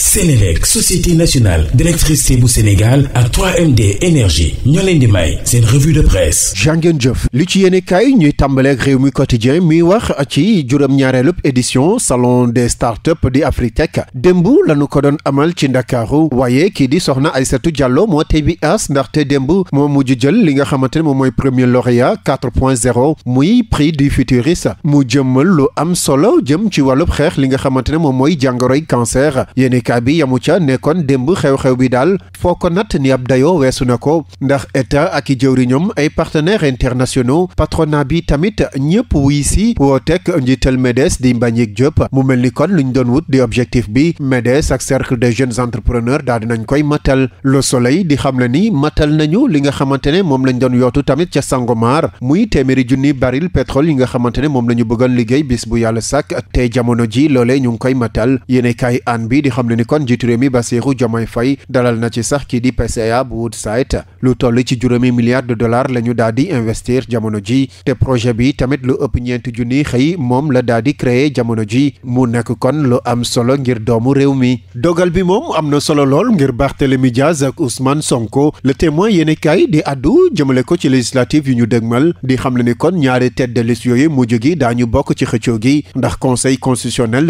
Sénélec société nationale d'électricité bu Sénégal ak 3MD énergie ñoo leen di may seen revue de presse. jàngeen jëf li ci yéene kaay ñuy tàmbaleeg réew mi quotidien muy wax a ci juróom-ñaareelu édition salon des startup di Afritech démb lañu ko doon amal ci ndakaaru waaye kii di soxna ay Aïssatou Diallo moo tey bi as ndaxte démb moo mujj jël li nga xamante ne moom mooy premier lauréat 4.0 muy prix du futuriste mu jëmmal lu am solo jëm ci wàllub xeex li nga xamante ne moom mooy jàngoroy cancer syndicat bi yamu ca ne kon démb xew-xew bi daal foo ko natt ni ab dayoo weesu na ko ndax état ak i jëwriñam ay partenaires internationaux patronat bi tamit ñëpp wuy si wooteek njiital MEDES di Mbagnick Diop mu mel ni kon luñ doon wut di objectif bi MEDES ak cercle des jeunes entrepreneurs daal dinañ koy matal Le Soleil di xam le ni matal nañu li nga xamante ne moom lañ doon yootu tamit ca Sangomar muy téeméeri junni baril pétrole yi nga xamante ne moom la ñu bëggoon liggéey bis bu yàlla sàkk te jamono ji loolee ñu ngi koy matal yéene kaay aan bi di xam ne ni kon njiitu réew mi Bassirou Diomaye fay dalal na ci sax kii di PCA bu Woodside lu toll ci juróomi milliards de dollars la ñu daal di investir jamono ji te projet bi tamit lu ëpp ñeenti junni xëy moom la daal di créer jamono ji mu nekk kon lu am solo ngir doomu réew mi dogal bi moom am na solo lool ngir Barthélemy Diaz ak Ousmane Sonko le témoin yéen kay di addu jëmale ko ci législative yu ñu dëgmal di xam ne ni kon ñaari tête de liste yooyu mujj gi daañu bokk ci xëccoo gi ndax conseil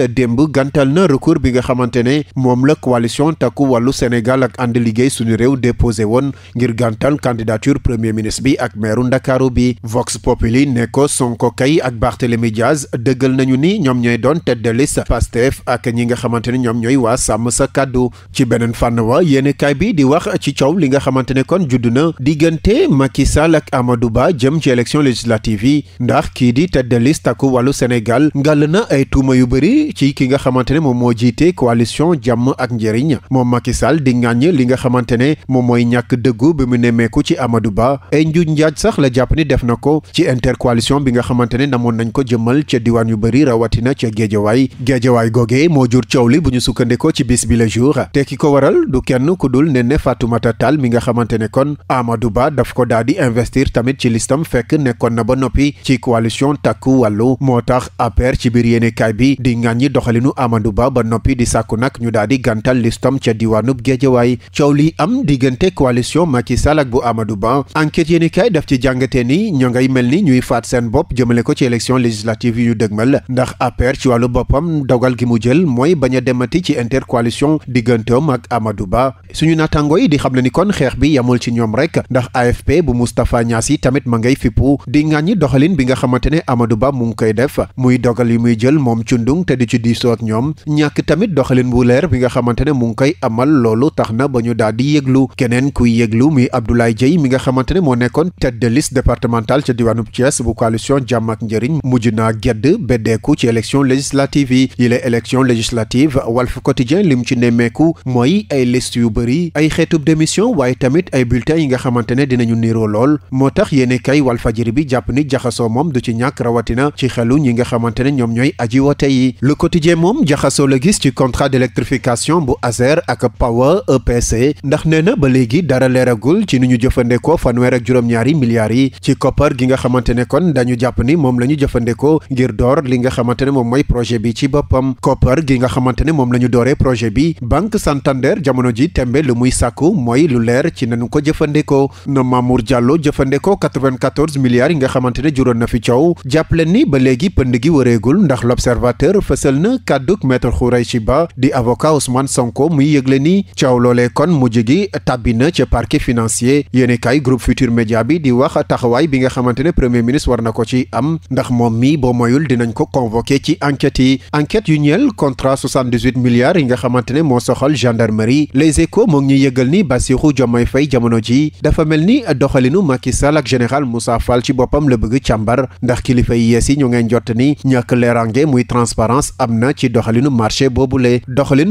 démb gantal bi nga xamante moom la coalition takku wàllu Sénégal ak ànd liggéey suñu réew déposé woon ngir gàntal candidature premier ministre bi ak meeru ndakaaru bi Vox Populi ne ko Sonko kay ak Barthélémy Diaz dëggal nañu ni ñoom ñooy doon tête de liste Pastef ak ñi nga xamante ne ñoom ñooy waa sàmm sa kàddu ci beneen fànn wa yéene bi di wax ci coow li nga xamante ne kon juddu na diggante Macky Sall ak Amadou Ba jëm ci élection législative yi ndax kii di tête de liste takku wàllu Sénégal ngàll na ay tuuma yu bëri ci ki nga xamante ne moom moo jiite coalition jàmm ak njëriñ moom Macky Sall di ŋàññ li nga xamante ne moom mooy ñàkk dëggu bi mu nemmeeku ci Amadou Ba ay njuuj njaaj sax la jàpp ni def na ko ci intercoalition bi nga xamante ne namoon nañ ko jëmmal ca diwaan yu bëri rawatina ca géejawaay géejawaay googee moo jur coow li bu ñu sukkandikoo ci bis bi la jour te ki ko waral du kenn ku dul Néné Fatoumata Tall mi nga xamante ne kon Amadou Ba daf ko daal di investir tamit ci listam fekk nekkoon na ba noppi ci coalition takku wàllu moo tax APR ci biir yéene bi di ñu daal di gàntal listam ca diwaanub Géejawaay coow li am diggante coalition Macky ak bu Amadou Ba enquête yéeni kaay daf ci jàngatee ni ñoo ngay mel ni ñuy faat seen bopp jëmale ko ci élection législative yu ñu dëgmal ndax APR ci wàllu boppam dogal gi mu jël mooy bañ a demati ci intercoalition digganteem ak Amadou Ba suñu naataango yi di xam ne ni kon xeex bi yamul ci ñoom rek ndax AFP bu Moustapha Niass yi tamit ma ngay fippu di ŋàññi doxalin bi nga xamante ne Amadou Ba mu ngi koy def muy dogal yi muy jël moom cundung concert bi nga xamante ne mu ngi koy amal loolu tax na ba ñu daal di keneen kuy yëglu muy Abdoulaye Dieye mi nga xamante ne moo nekkoon tête de liste départementale ca diwaanub Thiès bu coalition jàmm ak njëriñ mujj naa gedd beddeeku ci élection législative yi yi la élection législative Walf Quotidien lim ci nemmeeku mooy ay liste yu bëri ay xeetub démission waaye tamit ay bulletins yi nga xamante ne dinañu niroo lool moo tax yéene kay Walfadjri bi jàpp ni jaxasoo moom du ci ñàkk rawatina ci xelu ñi nga xamante ne ñoom ñooy aji wote yi le quotidien certification bu Acer ak Power EPC ndax nee na ba léegi dara leeragul ci ni ñu jëfandikoo fanweer ak juróom-ñaari milliards yi ci koppar gi nga xamante ne kon dañu jàpp ni moom la ñu jëfandikoo ngir door li nga xamante ne moom mooy projet bi ci boppam koppar gi nga xamante ne moom la ñu dooree projet bi Banque Santander jamono ji tembe lu muy sàkku mooy lu leer ci nañu ko jëfandikoo na Mamour Diallo jëfandikoo 94 milliards yi nga xamante ne juróon na fi coow jàpp leen ni ba léegi pënd gi wëreegul ndax l'observateur fësal na kàdduk maître Khouraychi Ba di avocat Ousmane Sonko muy yëgle ni coow loolee kon mujj gi tàbbi na ca parquet financier yéenekaay groupe Futur Média bi di wax taxawaay bi nga xamante ne premier ministre war na ko ci am ndax moom mi boo moyul dinañ ko convoqué ci enquête yi enquête yu ñeel contrat 78 milliards yi nga xamante ne moo soxal gendarmerie les échos moo ngi ñuy yëgal ni Bassirou Diomaye Faye jamono ji dafa mel ni doxalinu Macky Sall ak général musa fal ci boppam la bëgg càmbar ndax kilifa yi yi ñu ngeen jot ni ñàkk leerange muy transparence am na ci doxalinu marché boobule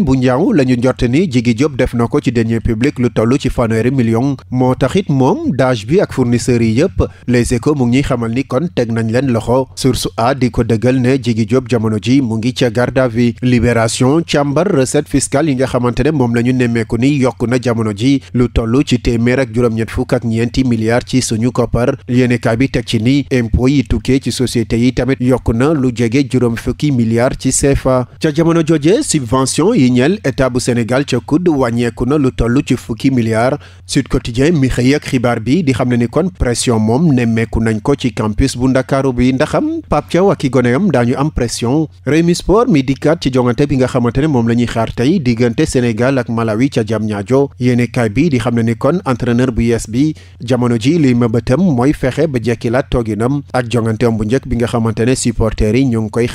bu njaaw la ñu njort ni Jigi Diop def na ko ci deniers publics lu toll ci fanweeri million moo taxit moom dage bi ak fournisseurs yi yëpp Les ko mu ngi xamal ni kon teg nañ leen loxo source a di ko dëggal ne Jigi Diop jamono ji mu ngi ca garde à vue libération càmbar recette fiscale yi nga xamante ne moom la ñu nemmeeku ni yokk na jamono ji lu tollu ci téeméer ak juróom fukk ak ñeenti milliards ci suñu koppar yéenekaay bi teg ci ni impôt yi tukkee ci société yi tamit yokk na lu jege juróom fukki milliards ci CFA ca jamono jooje subvention yi yi ñeel état bu Sénégal ca kudd wàññeeku na lu toll ci fukki milliards Sud Quotidien mi xëy ak xibaar bi di xam ne ni kon pression moom nemmeeku nañ ko ci campus bu ndakaaru bi ndaxam Pape Thiaw ak i goneyam daañu am pression Rewmi Sport mi dikkaat ci jongante bi nga xamante ne moom la ñuy xaar tey diggante Sénégal ak Malawi ca Diamniadio yéenekaay bi di xam ne ni kon entraîneur bu yees bi jamono ji liy mëbëtam mooy fexe ba jekkilaat tooginam ak jonganteem bu njëkk bi nga xamante ne supporters yi ñu ngi koy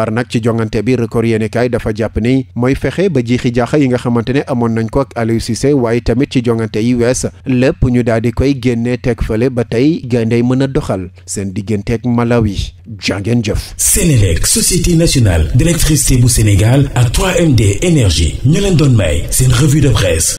a jongante dafa jàpp ni mooy fexe ba jiixi jaaxa yi nga xamante ne amoon nañ ko ak Aliou Cissé waaye tamit ci jongante yi wees lépp ñu daal di koy génnee teg fale ba tey gayndey mën a doxal seen digganteeg Malawi jàngeen jëf. Sénélec société nationale d'électricité bu Sénégal ak 3MD énergie ñu leen doon may seen revue de presse.